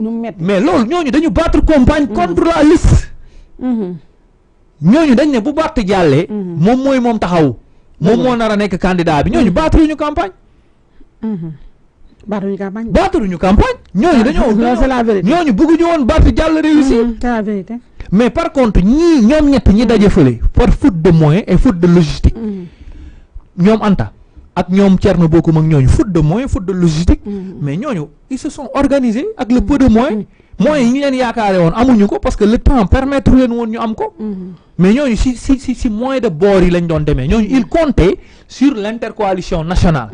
nu métti mais loolu ñooñu dañu battre campagne mm-hmm. contre la liste mm-hmm. ñooñu dañ né bu Barth jallé mom mm-hmm. moy mom taxaw mom mo nar a nekk candidat bi ñooñu battre ñu campagne baatuñu campagne baatuñu campagne. ñooñu ah, dañoo ñooñu bëgguñu woon Barth jàll réussir. c'est la vérité. mais par contre ñi ñom ñet ñi dajé feulé par faute de moyens et faute de logistique. ñom Anta ak ñom Thierno Bocoum ak ñooñu foot de moyens foot de logistique. Mm-hmm. mais ñooñu ils se sont organisés ak le peu de moyens. Mm-hmm. moyens yi ñu leen yaakaare won amuñu ko parce que le temps permettre leen won ñu am ko. Mm-hmm. mais ñooñu si si si si moyens de bord yi lañ doon démé ñooñu ils comptaient sur l'intercoalition nationale.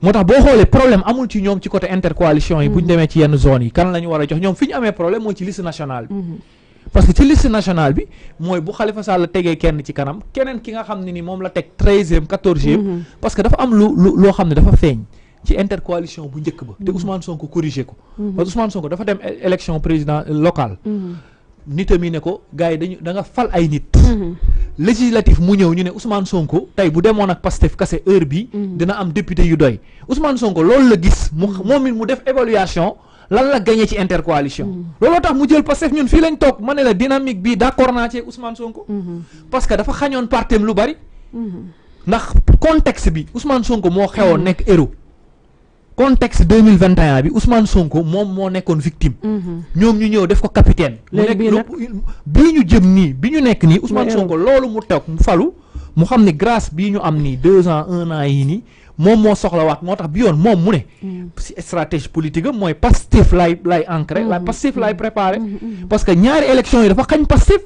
motax bo xolé problème amul ci ñom ci côté intercoalition yi. buñ démé ci yenn zone yi kan lañ wara jox ñom fi amé problème mo ci liste nationale parce que ci liste national bi mooy bu Khalifa Sall tegee kenn ci kanam keneen ki nga xam ne ni moom la teg treizième quatorzième mm-hmm. parce que dafa am lu lu loo xam ne dafa feeñ ci intercoalition bu njëkk ba te mm-hmm. Ousmane Sonko corrigé ko mm-hmm. parce que Ousmane Sonko dafa dem élection président euh, locale nitam yi ne ko gars yi dañu danga nga fal ay nit législatif mu ñëw ñu ne Ousmane Sonko tey bu demoon ak Pastef kase heure bi dina am député yu doy Ousmane Sonko loolu la gis mu moom mi mu def évaluation lan la gagné ci intercoalition. Mm-hmm. looloo tax mu jël Pastef ñun fii lañ toog ma ne la dynamique bi d'accord naa ci Ousmane Sonko. Mm-hmm. parce que dafa xañoon partem lu bari. Mm-hmm. ndax contexte bi Ousmane Sonko moo xewoon nekk héros. contexte 2021 bi Ousmane Sonko moom moo nekkoon victime. ñoom ñu ñëw def ko capitaine. mu nekk bii ñu jëm nii bi ñu nekk nii Ousmane Sonko loolu mu toog mu falu mu xam ne grace bii ñu am nii deux ans un an yii nii. moom moo soxlawaat moo tax bi yoon mm. si stratégie politique moy mooy Pastef lay lay ancré. Mm-hmm. la Pastef lay mm-hmm. préparé. Mm-hmm. parce que ñaari élection yi dafa xagn Pastef.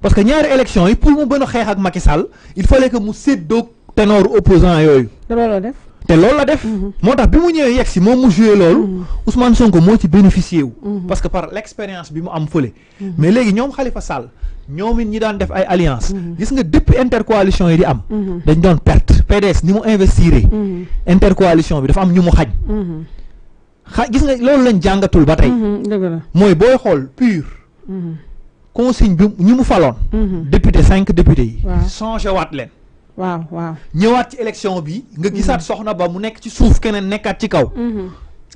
parce que ñaari élection yi pour mu gën a ak Macky Sall il fallait que mu séddoo tenor opposant yooyu. lo def té loolu la def. Mhm. motax bi mu si mu jouer loolu. Mhm. Ousmane Sonko mo ci mhm. parce que par l'expérience bi mais Khalifa Sall ñom ñi daan def ay alliance gis nga depuis intercoalition yi di am. dañ doon perte PDS ni mu investir. intercoalition bi dafa am ñu mu xañ. gis nga loolu lañ jàngatul ba tey. mooy pur. consigne bi député cinq députés waaw waaw ñëwaat ci élection bi. nga gisaat mm-hmm. soxna ba mu nekk ci souf keneen nekat ci kaw. Mm-hmm.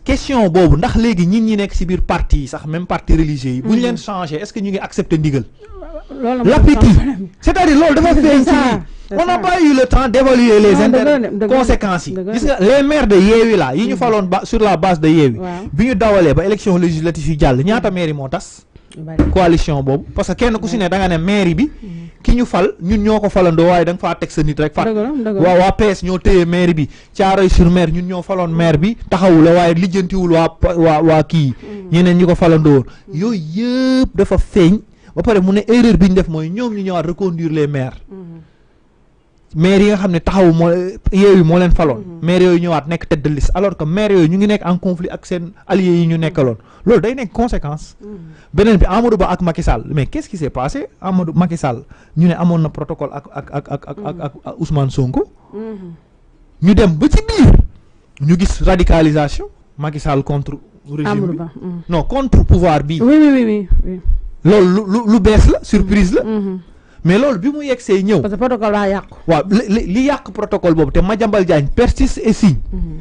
question bobu ndax légui ñin ñi nekk ci biir parti sax même parti religieux yi. bu mm-hmm. est-ce que ñu ngi accepter ndigal. l'appétit c'est-à-dire lool dafa ci on n'a pas eu le temps d'évaluer les conséquences les maires de yewi la yi ñu faloon ba sur la base de yewi biñu dawalé ba élection législative yu jall ñaata maire mo tass coalition boobu parce que kenn ku si ne da ne mairie bi ki ñu fal ñun ñoo ko falandoo waaye da nga faa teg sa nit rek fat waaw waa PS ñoo téye maire bi Thiaroye sur Mer ñun ñoo faloon maire bi taxawu la waaye lijjantiwul waa waa waa kii mm. ñeneen ñi ko falandoo mm. yooyu yëpp dafa feeñ ba pare mu ne erreur bi ñu def mooy ñoom ñu ñëwaat reconduire les maire mm. maire yi nga xam ne taxaw moo yooyu moo leen faloon mm-hmm. maire yooyu ñëwaat nekk tête de alors que maire yooyu ñu ngi nekk en conflit ak seen alliés yi ñu nekkaloon loolu day nekk conséquence mm-hmm. beneen bi Amadou Ba ak Macky Sall mais qu'est-ce qui s'est passé Amadou Macky ñu ne amoon na protocole ak ak ak ak ak ak mm-hmm. Ousmane Sonko ñu dem ba ci biir ñu gis radicalisation Macky Sall contre régime bi mm. non contre pouvoir bi oui oui oui loolu lu lu bees la surprise la mais loolu bi mu yegg ñëw. parce que protocole laa yàqu. waaw li li yàq protocole boobu te Madiambal Diagne persiste et signe. Mm-hmm.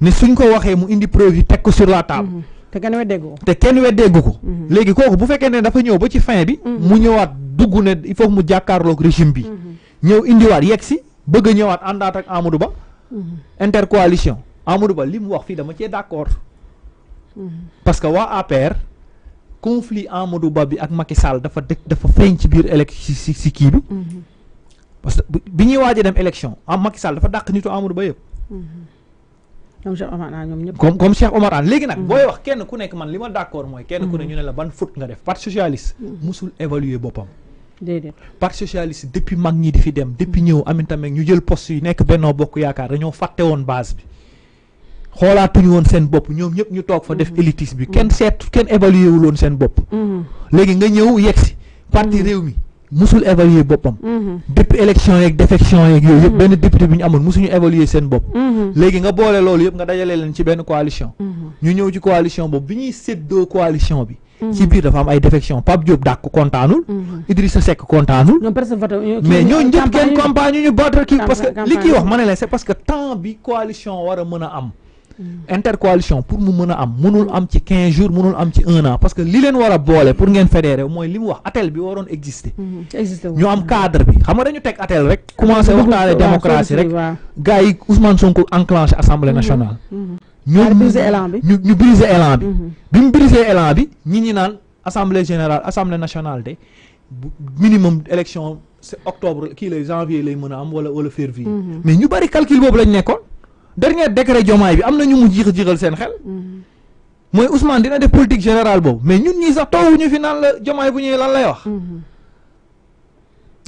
ne suñ ko waxee mu indi preuve yi teg ko sur la table. Mm-hmm. te kenn weddee ko. te kenn weddee ko. Mm-hmm. léegi kooku bu fekkee ne dafa ñëw ba ci fin bi. mu ñëwaat dugg ne il faut mu jàkkaarloog régime bi. ñëw indiwaat yegg si bëgg ñëwaat àndaat ak Amadou Ba. intercoalition Amadou Ba li mu wax fii dama cee d' accord. parce que waa APR. conflit Amadou Ba bi ak Macky Sall dafa dëkk dafa feeñ ci biir élection si si kii bi. Mhm. parce bi ñuy waaj dem élection am Macky Sall dafa dàq nitu Amadou Ba yëpp. Mhm. ñoom Cheikh Omar Anne ñoom ñëpp. comme comme Omar Anne léegi nag. Mhm. booy wax kenn ku nekk man li ma d' mooy. kenn ku ne ñu ne la ban faute nga def. parti socialiste. musul évaluer boppam. déedéet parti socialiste depuis mag ñi di fi dem. depuis ñëw Aminata Mbengue ñu jël poste yi nekk Benno Bokk Yaakaar dañoo fàtte woon base bi. xoolaatuñu woon seen bopp ñoom ñëpp ñu toog fa def mm-hmm. élitisme bi mm-hmm. kenn seet kenn évalué wul seen bopp mm-hmm. léegi nga ñëw yegsi parti réew mi musul évaluer boppam depuis élection yeeg défection yeeg yëpp benn député bi ñu amoon musuñu évaluer seen bopp léegi nga boole loolu yëpp nga dajale leen ci benn coalition ñu ñëw ci coalition boobu bi ñuy séddoo coalition bi ci biir dafa am ay défection Pape Diop dàkk kontaanul Idrissa Seck kontaanul euh, mais ñoo ñëpp intercoalition pour mu meuna am munul am ci quinze jours munul am ci un an parce que li len wara bolé pour ngeen fédéré moy limu wax atel bi waroon exister mhm, ñu am cadre bi xam nga dañu tek atel rek commencé la démocratie rek gaay yi Ousmane Sonko enclenché assemblée mhm, nationale mhm. nous ñu ñu nous élan bi bi mu brisé élan bi ñi ñi naan assemblée générale assemblée nationale de minimum élection c'est octobre qui les janvier lay meuna am wala wala février mais ñu bari calcul bobu lañ nekkoon dernier décret jomaay bi am na ñu mu jiix jiixal seen xel. Mhm. mooy Ousmane dina def politique générale boobu mais ñun ñii sax ñu fi naan la jomaay bu ñuy lan lay wax. Mhm.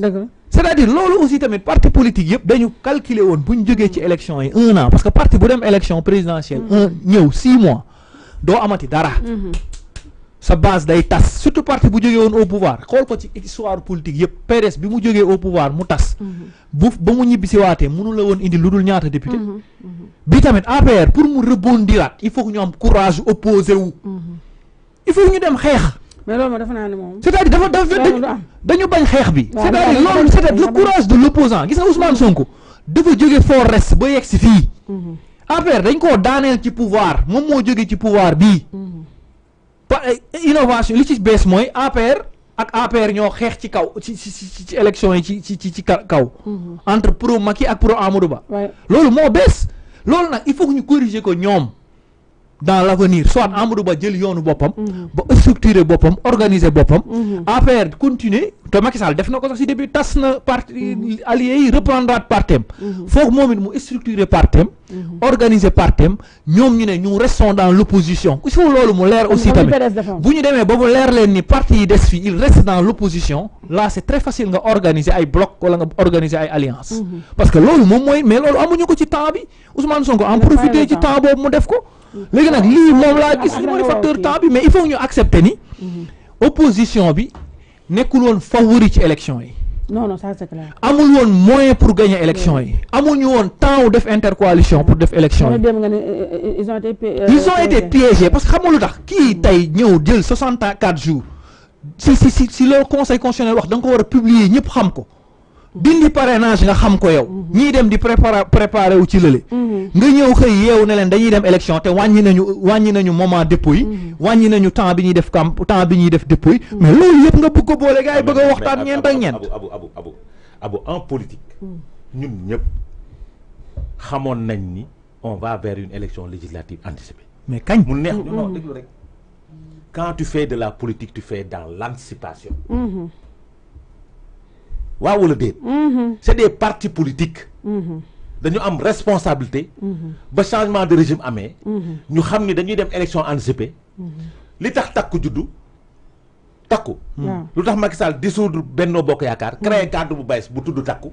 dëgg c'est-à-dire loolu aussi tamit parti politique yëpp dañu calculer woon bu ñu jógee ci élection yi un parce que parti bu dem élection présidentielle. Mhm. un ñëw six mois doo amati dara. sa base day tas surtout parti bu jógee woon au pouvoir xool ko ci histoire politique yëpp PDS bi mu jógee au pouvoir mu tas. Mhm. bu ba mu ñibbisi waatee mënu la woon indi lu dul ñaata député. Mhm. Mhm. bi tamit APR pour mu rebondiraat il faut que ñu am courage opposé wu. il faut ñu dem xeex. mais loolu dafa naa ne moom. c'est-à-dire dafa dafa dañu bañ xeex bi. c'est-à-dire loolu c'est le courage de l'opposant gis nga Ousmane Sonko dafa jóge Forest ba yegg si fii. APR dañ koo daaneel ci pouvoir moom moo jóge ci pouvoir bii. pa eh, eh, innovation li ci bees mooy APR ak APR ñoo xeex ci kaw ci ci ci yi ci ci ci ci kaw. Mm-hmm. entre pro Macky ak pro Amadou Ba. loolu moo bees loolu nag il faut ñu corriger ko ñoom dans l' avenir soit mm-hmm. Amadou Ba jël yoonu boppam. Mm-hmm. ba structurer boppam organiser boppam. APR continuer te Macky Sall def na ko sax si début tas na part allié yi reprendre partem. foog moom it mu structurer partem. Mhm. organisé par thème ñom ñu ne ñu restons dans l'opposition opposition il faut mu aussi tamit bu ñu démé ni parti yi il reste dans l'opposition là c'est très facile nga organiser ay bloc wala nga organiser ay alliance mhm. parce que lolu mom moy mais lolu amuñu ko ci temps bi Ousmane Sonko en profiter temps mu def ko mhm. facteur temps bi mais il faut ñu accepter ni opposition bi nekul won favori ci élection yi non non ça c'est clair. amul woon moyen pour gagner élection yi. amul ñu temps def intercoalition pour def l'élection. Euh, euh, euh, ils ont été ils ont été piégés parce que xam nga Qui taille kii mm. tey 64 jours si si si le conseil constitutionnel wax da nga publier dindi parrainage nga xam ko yow. Mhm. ñi dem di préparer préparer wu ci lele mhm. nga ñew xey yew ne len dañuy dem élection té wañi nañu wañi nañu moment dépôt yi. Mhm. wañi nañu temps bi ñi def camp temps bi ñi def dépôt yi. mais loolu yëpp nga bëgg boole gaay ah, bëgg a waxtaan ñeent ak ñeent. abu abu abu abu en politique. ñun ñëpp xamoon nañ ni on va vers une élection législative anticipée. mais kañ mu neex ñu non déglu rek. quand tu fais de la politique tu fais dans l'anticipation waaw wala déet. c'est des partis politiques. Mhm. dañu am responsabilité. Mhm. ba changement de régime amee. Mhm. ñu xam ni dañuy dem élection anticipée. li tax takku juddu takku. lu tax Macky Sall dissoudre Benno Bokk Yaakaar. créer cadre bu bees bu tudd takku.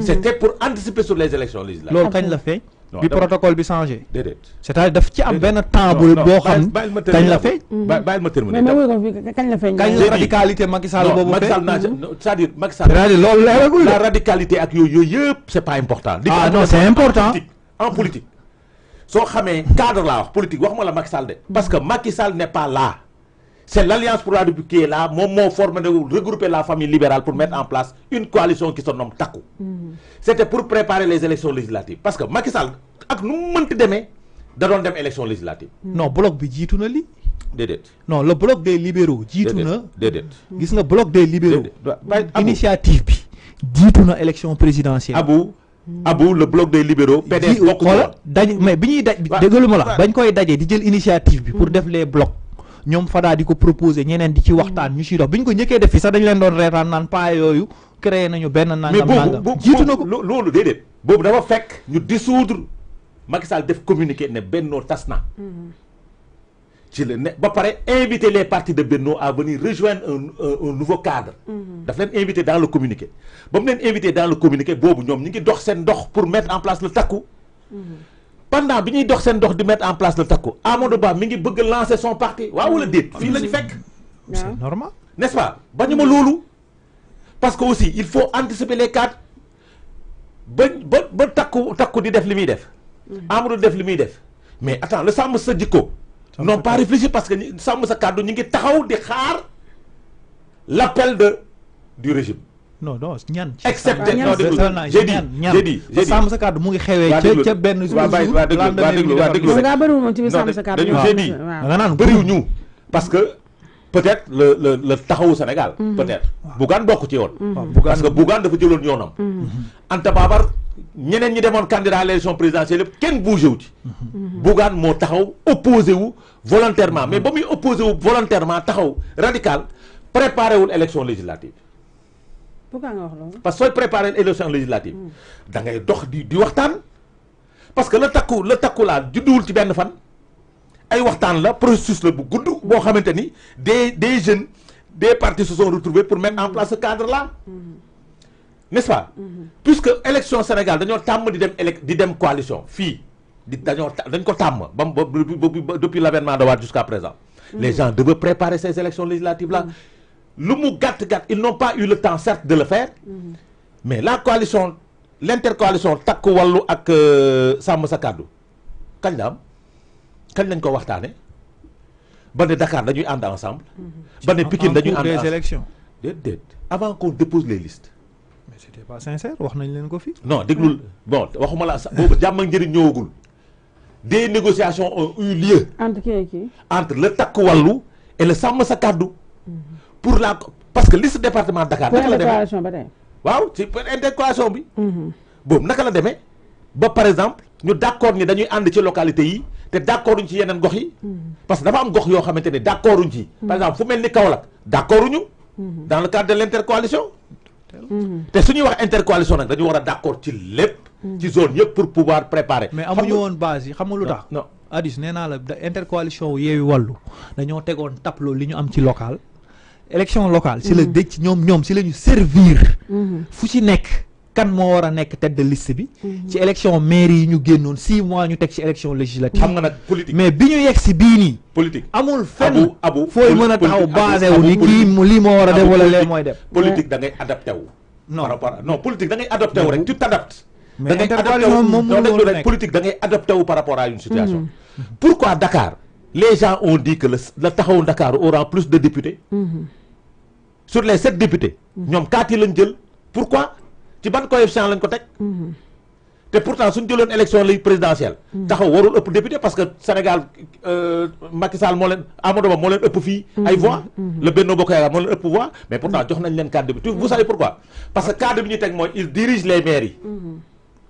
c'était pour anticiper sur les élections législatives. loolu kañ la fee bi protocole bi changé. c'est-à-dire daf ci am temps table bo xam. kañ la fait bàyyil ma terminer kañ la la radicalité Macky Sall c'est-à-dire Macky Sall. c'est-à-dire la radicalité ak yooyu yooyu c'est pas important. ah non c'est important en politique so xamé cadre la wax politique waxuma la Macky Sall de. parce que Macky Sall n'est pas là. C'est l'Alliance pour la République là, mon mot forme de regrouper la famille libérale pour mettre en place une coalition qui se nomme TACO. Mm-hmm. C'était pour préparer les élections législatives. Parce que Macky Sall, ak nu mu mënti demee da doon dem élection législative. non bloc bi jiitu na li no non le bloc des libéraux. jiitu na déedéet gis nga bloc des libéraux. initiative bi jiitu na élection présidentielle. abu abu le bloc des libéraux. PDS bokk na dañ mais bi ñuy daj. déggaluma la bañ koy dajee di jël initiative bi. pour hmm. def les blocs. ñoom Fada di ko proposé ñeneen di ci hmm. waxtaan ñu ciy dox bi ñu ko njëkkee def fi sax dañu leen doon reetaan naan paa yooyu créé nañu benn. nangam nangam jiitu ko mais boobu boobu loolu Macky Sall def communiqué ne Benno tasna. na ci le ne ba paré inviter les partis de Benno à venir rejoindre un un nouveau cadre. daf leen inviter dans le communiqué. bam len invité dans le communiqué bobu ñom ñi ngi dox sen dox pour mettre en place le takku. pendant biñuy dox sen dox di mettre en place le takku Amadou Ba mi ngi bëgg lancer son parti waaw le dit fi lañu fekk. c'est ah. normal. n'est-ce pas bañuma lolu parce que aussi il faut anticiper les cadres ba ba takku takku di def limi def. Amadou def li muy def mais attends le sàmm sa jikko non pas réfléchir parce que sàmm sa kàddu ñu ngi taxaw di xaar l'appel de du régime non non ñan. excepté non déglu j'ai dit sa kàddu mu ngi xewee. ca ca benn jour waa déglu waa parce que peut-être la le taxawu Sénégal. Mm-hmm. peut-être Bougane bokk ci yoon. Mm-hmm. parce que Bougane dafa jëloon yoonam. Mm-hmm. Anta Babar. ñeneen ñi demoon candidat à l'élection présidentielle yëpp kenn bougé wu ci. Mhm. Bougane taxaw opposé wu volontairement mhm. mais ba muy opposé wu volontairement taxaw radical préparé wul élection législative. Bougane nga wax loolu. parce que sooy préparé élection législative. Mhm. da ngay dox di di waxtaan. parce que la takku la takku laa judduwul ci benn fan. ay waxtaan la processus la bu gudd boo xamante ni des des jeunes des partis se sont retrouvés pour mettre en place ce cadre là n'est-ce pas puisque élection Sénégal dañoo tam di dem di dem coalition fii di dañoo dañ ko tàmm depuis l'avènement de Wade jusqu'à présent mm-hmm. les gens devaient préparer ces élections législatives là mm-hmm. lu mu gàtt-gàtt ils n'ont pas eu le temps certes de le faire mm-hmm. mais la coalition l'intercoalition takk wàllu ak euh, sàmm sa kàddu kañ la am kañ lañ ko waxtaane ba ne Dakar dañuy ànd ensemble ba ne Pikine dañuy ànd ensemble déedéet avant qu'on dépose les listes mais c'était pas sincère wax nañ leen ko fi. non déglul bon waxuma la bobu jamm ak jëri ñëwagul des négociations ont eu lieu. entre qui qui. entre le takku wallu et le sàmm sa kàddu. Mhm. pour la parce que liste département Dakar. naka la demee ba tey. waaw ci intercoalition bi. Mhm. bon naka la démé ba par exemple ñu d'accord ni dañuy and ci localité yi té d' ci yenen gox yi. Mhm. parce que dafa am gox yo xamante d'accordu d' ci. par exemple fu melni ni Kaolack d' accord dans le cadre de l'intercoalition Mhm. te su ñuy wax intercoalition nag dañu war a d' ci lépp. Mhm. ci zone yëpp pour pouvoir préparer. mais amuñu woon base yi xam nga lu tax. non Adis naa la intercoalition wu wallu wàllu dañoo tegoon tableau li ñu am ci local. élection locale. si la mhm. dëj ñoom ñoom si lañu ñu servir. fu ci nekk. kan mo wara nek nekk tête de liste bi. Mhm. ci élection mairie yi ñu génnoon 6 mois ñu teg ci élection législative. xam nga nak politique mais biñu ñu yegg si bii politique amul fenn abu foy a taw basé wu ni ki li mo wara a def wala def. politique da ngay adapté wu. non par non politique da ngay adapté wu rek tu t'adaptes. da ngay adapté wu politique da ngay adapté wu par rapport à une situation. Mhm. pourquoi Dakar les gens ont dit que le taxaw Dakar aura plus de députés. Mhm. sur les 7 députés. ñom 4 yi lañ jël pourquoi ci ban coefficient lañ ko pourtant élection présidentielle. taxaw warul député parce que Sénégal euh, Macky Sall Amadou Ba le Benno ëpp voix mais cadre vous savez pourquoi parce que cadre bi il dirige les mairies.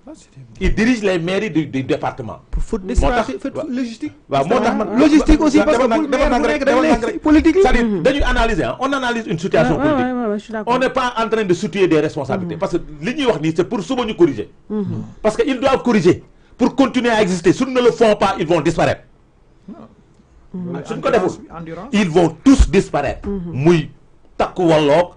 Bah, il dirige les mairies du département. pour faute de logistique. logistique aussi parce que politique c'est-à-dire hein. on analyse une situation politique. on n'est pas en train de soutenir des responsabilités. Mm-hmm. parce que les New wax c'est pour se corriger. Mm-hmm. parce qu'ils doivent corriger pour continuer à exister Si nous ne le font pas ils vont disparaître. Mm-hmm. ils vont tous disparaître. muy takku walloog.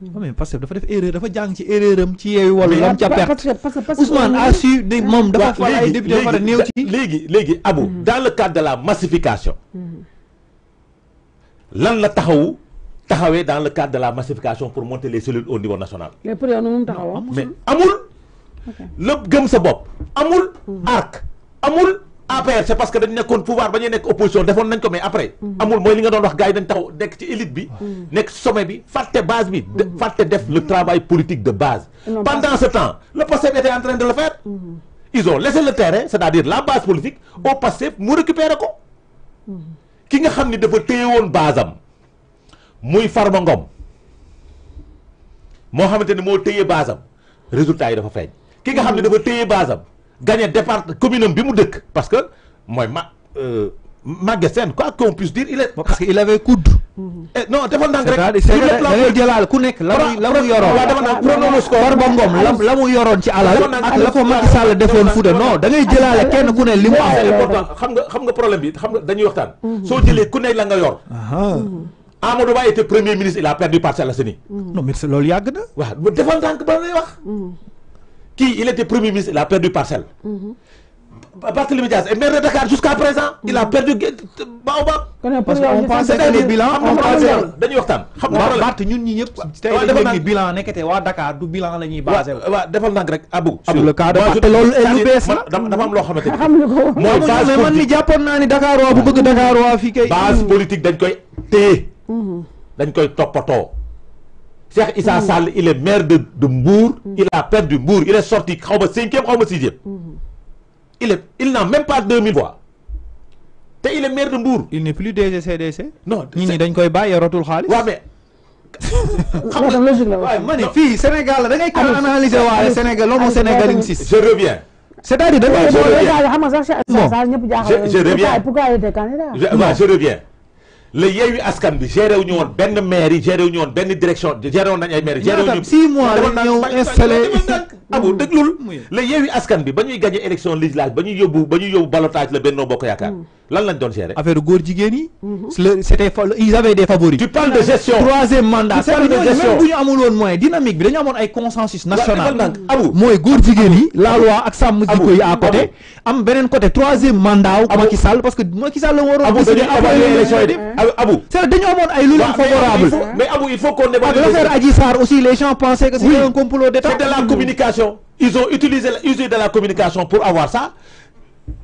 non hmm. oh, mais parce que dafa def erreur dafa jang ci erreuram ci yeewu wala lam ca perte Ousmane hmm. a su de mom dafa fa ay député dafa far ci léegi léegi Abou hmm. dans le cadre de la massification lan la taxaw taxawé dans le cadre de la massification pour monter les cellules au niveau national mais pour yow nu mu mais amul lépp gëm sa bop amul arc amul après, c'est parce que dañ nekkoon pouvoir ba ñuy nekk opposition defoon nañ ko mais après mm-hmm. amul mooy li nga doon wax gars yi dañ taxaw nekk ci élite bi mm-hmm. nekk sommet bi fàtte base bi mm-hmm. fàtte def le travail politique de base pendant ce temps le passé était en train de le faire ils ont laissé le terrain c'est-à-dire la base politique au passé mu récupéré ko ki nga xam ni dafa téye woon base am muy Farba Ngom moo xamante ne moo téye base am résultat yi dafa feeñ ki nga xam ne dafa téye base am gagné départ commune bi mu deuk parce que mooy ma euh, magasin quoi qu'on puisse dire il est. parce qu'il il avait coude. Eh, non defoon ndànk rek. sur le plan da jëlaal ku nek la mu la mu yoroon. waaw non naa chronoscope Farba Ngom la mu yoroon ci ala ak la ko Macky Sall defoon Fouta non da ngay jëlaale kenn ku ne li mu am. xam nga xam nga problème bi xam nga dañuy waxtan mhm. so jëlee ku ne la nga yor. Mhm. Amadou Ba était premier ministre il a perdu par Assainies. non mais lol yag na. waaw defal ndànk ba lay wax. Mhm. Qui, il était Premier ministre, il a perdu parcelle. Mm -hmm. Barthélémy Diaz est maire de Dakar jusqu'à présent, mm -hmm. il a mhm. perdu Baobab. Parce qu'on pensait que les bilans, on pensait. Dañuy waxtaan. xam nga Bart ñun ñi ñëpp tey dañu dégg bilan nekkete waa Dakar du bilan la ñuy basé wu. waaw defal ndànk rek Abou. sur le cas de Bart te loolu lu bees la. dafa am loo xamante ni. xam nga ko mooy base mais man li jàppoon naa ni Dakar waa bu bëgg Dakar waa fii base mm. politique dañ koy téye. Mm-hmm. dañ koy toppatoo. Cheikh il est maire de de mmh. il a perdu Mbour il est sorti 5e, cinquième e il n'a même pas 2000 voix. il est maire de Mbour. il n'est plus DGCDC. non ni mais. je reviens. c'est-à-dire je reviens je reviens. la Yewwi Askan bi géré wu woon benn mairie géré wu ñu woon benn direction géré woon nañu ay mairie géré wu ñu mois la ñëw installé abu mm. déglul mm. la Yewwi Askan bi ba ñuy gagné élection législative ba ñu yóbbu ba ñuy yóbbu ballottage la Benno Bokk Yaakaar mm. lan lañ affaire góor mhm. ils avaient des favoris. tu parles de gestion troisième mandat. tu parles de gestion même bu ñu dynamique bi dañu un ay consensus national. Moi, mooy la loi ak sàmm à côté. am beneen côté troisième mandat. wu Macky parce que Macky Sall la waroon. abu dañuy évaluer élection c'est dañu amoon ay lu favorable. mais Abou, il faut qu'on évalue. l'affaire Adji aussi les gens pensaient que c'était un complot d'état. c'était la communication ils ont utilisé l'usage de la communication pour avoir ça.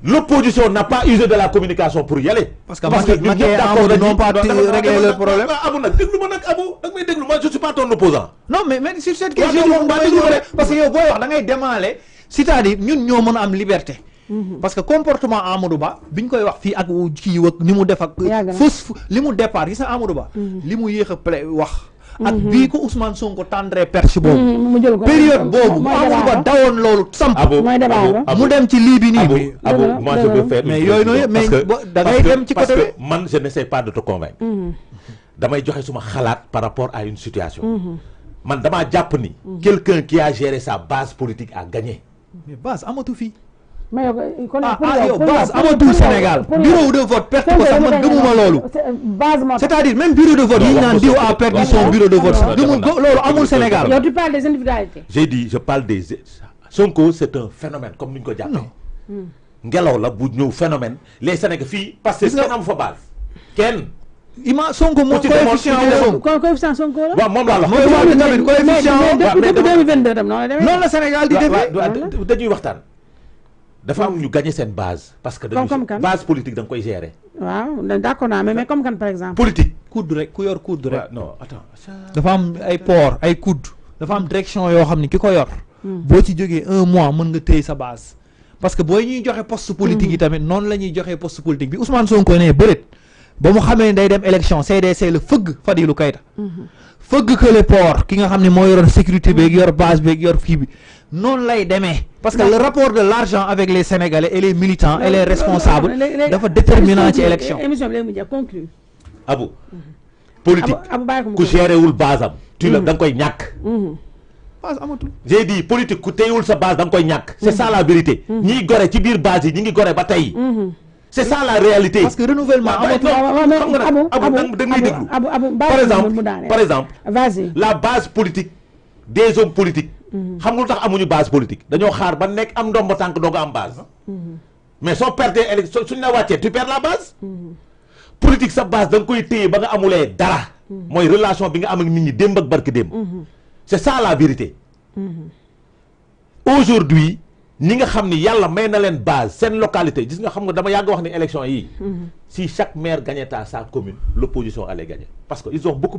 L'opposition n'a pas usé de la communication pour y aller. Parce que, d'accord, que n'ont pas réglé le problème. je ne suis pas ton opposant. Non, mais, sur cette question, parce que vous avez demandé, c'est-à-dire nous avons la liberté. Mhm. parce que le comportement Amadou Ba bi ñu koy wax fii ak kii ak ni mu def ak fausse li mu départ gis na Amadou Ba mhm. li mu yéex a wax ak mhm. bii ko Ousmane Sonko tendre perche boobu mhm, période boobu Amadou Ba dawoon loolu samp mu dem ci lii bi nii bi mais yooyu noonu mais da ngay dem ci parce que man je n'essaie pas de te mhm. damay joxe suma xalaat par rapport à une situation man damaa jàpp ni quelqu'un ki a géré sa base politique a gagné mais base amatu fii mais bureau de vote euh, c'est-à-dire même bureau de vote a perdu son bureau de vote Sénégal. tu parles des individualités. j'ai dit je parle des Sonko c'est un phénomène comme nous le ko Il hmm. la phénomène les Sénégalais, parce que c'est un base Sonko coefficient Sonko coefficient Sénégal di dafa am ñu gagné seen base. parce que dañu base politique da nga koy gérer. waaw d'accord naa mais mais comme kan par exemple. politique coude rek ku yor coude rek. non attends dafa am ay port ay coude dafa am direction yoo xam ni ki ko yor. Hmm. boo ci jógee un mois mën nga téye sa base. parce que booy ñuy joxe poste politique yi hmm. tamit noonu la ñuy joxe poste politique bi Ousmane Sonko nee bëreet ba mu xamee day dem élection CDC la fëgg Fadilou Keita. Hmm. fëgg que le port ki nga xam ne moo yoroon sécurité beeg yor base beeg yor fii bi. Non lay demain parce que le rapport de l'argent avec les sénégalais et les militants et les responsables dafa déterminant ci élection émission politique tu mm-hmm. mm-hmm. j'ai dit politique ku base c'est ça la mm-hmm. vérité base c'est ça la réalité parce que renouvellement par exemple la base politique des hommes politiques Mhm. xam nga lu tax amuñu base politique dañoo xaar ba nekk am ndomba tànk doog am base. Mhm. mais soo perdee élection suñ la wàccee tu perds la base. Mhm. politique sa base da nga koy téye ba nga amulee dara. mooy relation bi nga am ak nit ñi démb ak barki démb. c'est ça la vérité. aujourd'hui ñi nga xam ni yàlla may na leen base seen localité gis nga xam nga dama yàgg wax ni élection yii. si chaque maire gagnait sa commune l'opposition allait gagner parce ils ont beaucoup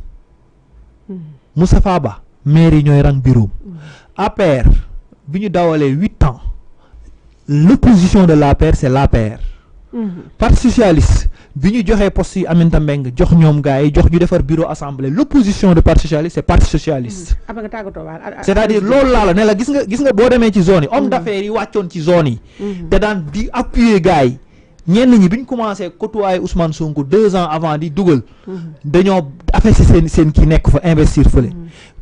Moussa Faba, maire ñoy rang bureau mm. APR il dawalé 8 8 ans l'opposition de l'APR c'est l'APR mm-hmm. parti socialiste il joxé poste yi a jox bureau assemblée l'opposition de parti socialiste c'est parti socialiste mm. ah, ah, ah, c'est-à-dire lool la la ne la gis nga gis nga ci zone homme d'affaires yi ci zone yi di ñenn ñi bi ñu commencé côtoyer Ousmane Sonko deux ans avant di dugal. dañoo affaissé seen seen ki nekk fa investir fële.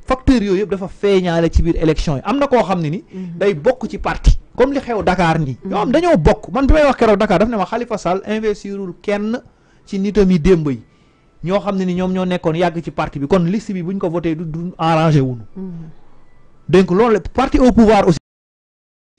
facteurs yooyu yëpp dafa feeñaale ci biir élection yi am na koo xam ne ni. day bokk ci parti comme li xew dakaar nii. ñoo am mhm. dañoo bokk man bi may wax keroog Dakar daf ne ma Khalifa Sall investirul kenn ci nitam yi démb yi ñoo xam ne ni ñoom ñoo nekkoon yàgg ci parti bi kon liste bi bu ñu ko voté du du arrangé wuñu mhm. donc loolu la parti au pouvoir aussi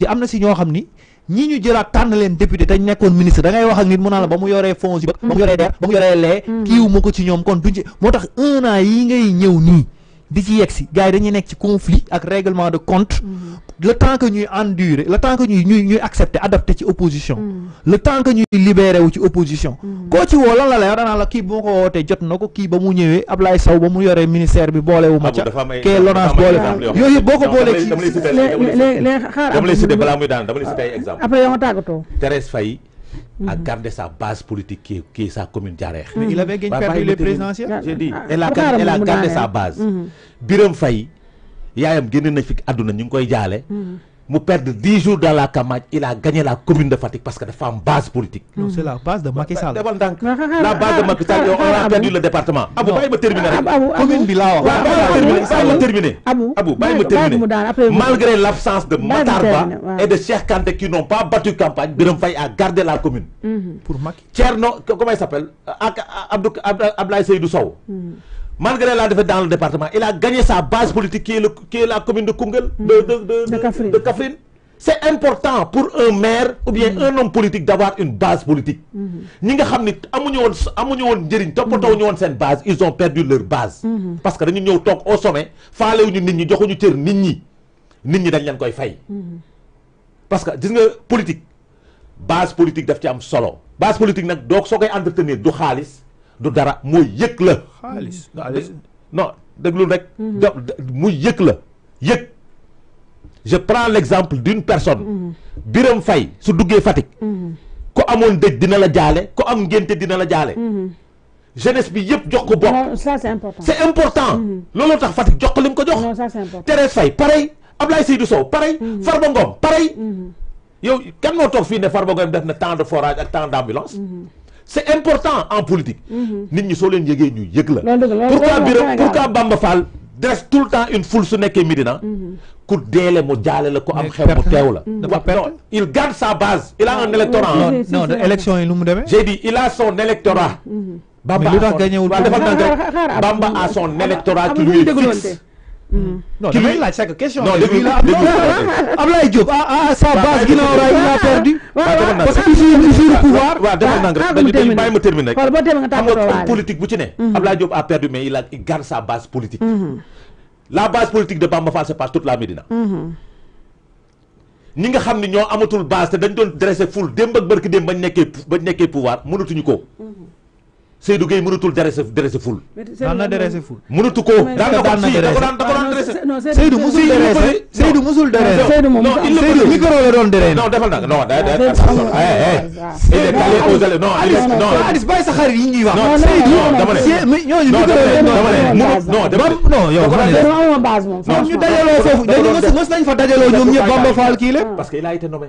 am na si ñoo xam ni. ñii ñu jëlaat tànn leen député te nekkoon ministre da ngay wax ak nit mu naan la ba mu yoree fonds yi ba mu yoree DER ba mu yoree lee mm-hmm. kiiw ma ko ci ñoom kon duñ ci moo tax un an yi ngay ñëw nii di ci si gars yi dañuy nek ci conflit ak règlement de compte mm-hmm. le temps que ñuy endurer le temps que ñuy ñuy ñuy accepter adapter ci opposition mm-hmm. le temps que ñuy libérer wu ci opposition mm-hmm. ko ci wo lan la la yow danaa la ki boko wote jot nako ki ba mu ñewé Ablaye saw ba mu yoré ministère bi bolé wu ma ca kee lonage boole yooyu yëpp boo ko boolee ci dama lay cité balaa muy daan dama lay cité ah. exemple après yo ma tàggatoo Thérèse Faye à mhm. garder sa base politique qui est, qui est sa commune Mais il avait gagné perdu les présidentielles. J'ai dit, ah, elle a, ah, gardé, elle a gardé sa base. Mhm. Biram Faye, il génn na fi àdduna ñu ngi koy vous perdre 10 jours dans la campagne il a gagné la commune de Fatick parce que est une base politique. non c'est la base de Macky Sall. la base de Macky on a perdu le département. Abou, il me terminer Abou, commune bi laa Abou, bàyyi ma terminer Abou, terminer malgré l'absence de Matarba et de Cheikh Kanté qui n'ont pas battu campagne Birame Faye a gardé la commune. Mm-hmm. pour Macky Thierno comment il s'appelle Abdou Abdoulaye Seydou Sow. Mm-hmm malgré la défaite dans le département, il a gagné sa base politique qui est, la commune de Kungel, mm. de, de, de, de Kafrine. C'est important pour un maire ou bien mm. un homme politique d'avoir une base politique. Mm-hmm. Nous savons base, ils ont perdu leur base. Mm-hmm. Parce que nous sommes au sommet, fallait nous nous nous nous nous Parce que, dis politique, base politique d'afti am solo. Base politique, donc, ce qu'on entretenir, du khalis, du dara moy yek la. xaalis non déglu rek. moy mhm. yek la yek je prends l'exemple d'une personne. Mhm. Biram fay su duggee fatik mhm. ko amone dëj dina la jaale ku am ngenté dina la jaale. jeunesse bi yëpp jox ko bok ça c'est important c'est important. looloo tax fatik jox ko lim ko jox. non fay pareil Ablaye Seydou Sow pareil. Farba Ngom pareil. yow kan mo tok fi ne Farba Ngom def na temps de forage ak temps d'ambulance c'est important en politique. Mhm. Nous, ñi leen gens ñu pourquoi pourquoi Bamba Fall dresse tout le temps une foule su qui est mhm. ku deele mu jaale la am il garde sa base. il a ah, un électorat non élection yi j'ai dit il a son électorat. Mhm. Bamba a son électorat qui lui est fixe. non damay non déglu déglu ah, Ablaye Diop à sa base ginnaaw que il nga rek ma terminer rek. xam nga politique bu ci ne. Mm-hmm. Ablaye Diop a perdu mais il a il garde sa base politique. Mm-hmm. la base politique de Bamba Fall se passe toute la mm-hmm. ñi nga xam ne ñoo amatul base te dañ doon dressé ful dem ak barki démb bañ nekkee bañ nekkee pouvoir mënatuñu ko. Seydou Gueye mënatul dérese dérese ful. daan na dérese ful. mënatu ko daan na ko si da ko daan da ko daan dérese. Seydou musul dérese Seydou musul dérese. Seydou moom Seydou micro la doon dérese. non defal na non day day attention eh eh. non Alice non Alice bàyyi sa xarit yi ñuy wax. non Seydou non dama ne. ñooñu micro la non dama ne. non yow xam nga ne. non ñu dajaloo foofu dañu mos nañ fa dajaloo ñoom ñëpp Bamba Fall kii la. parce que il a été nommé.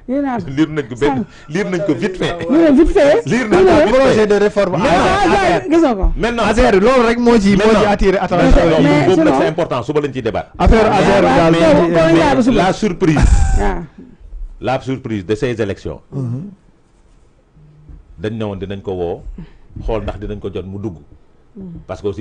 liir nañ ko benn liir nañ ko vite fait. liir nañ vite fait. liir nañ ko vite fait projet de réforme. maintenant affaire loolu rek moo ci moo ci attiré attention. boobu nag c'est important suba lañ ciy débat. affaire affaire daal mais la surprise. la surprise de ces élections. Mhm. dañ ne dinañ ko woo. xool ndax dinañ ko jot mu dugg. Mhm. parce que aussi.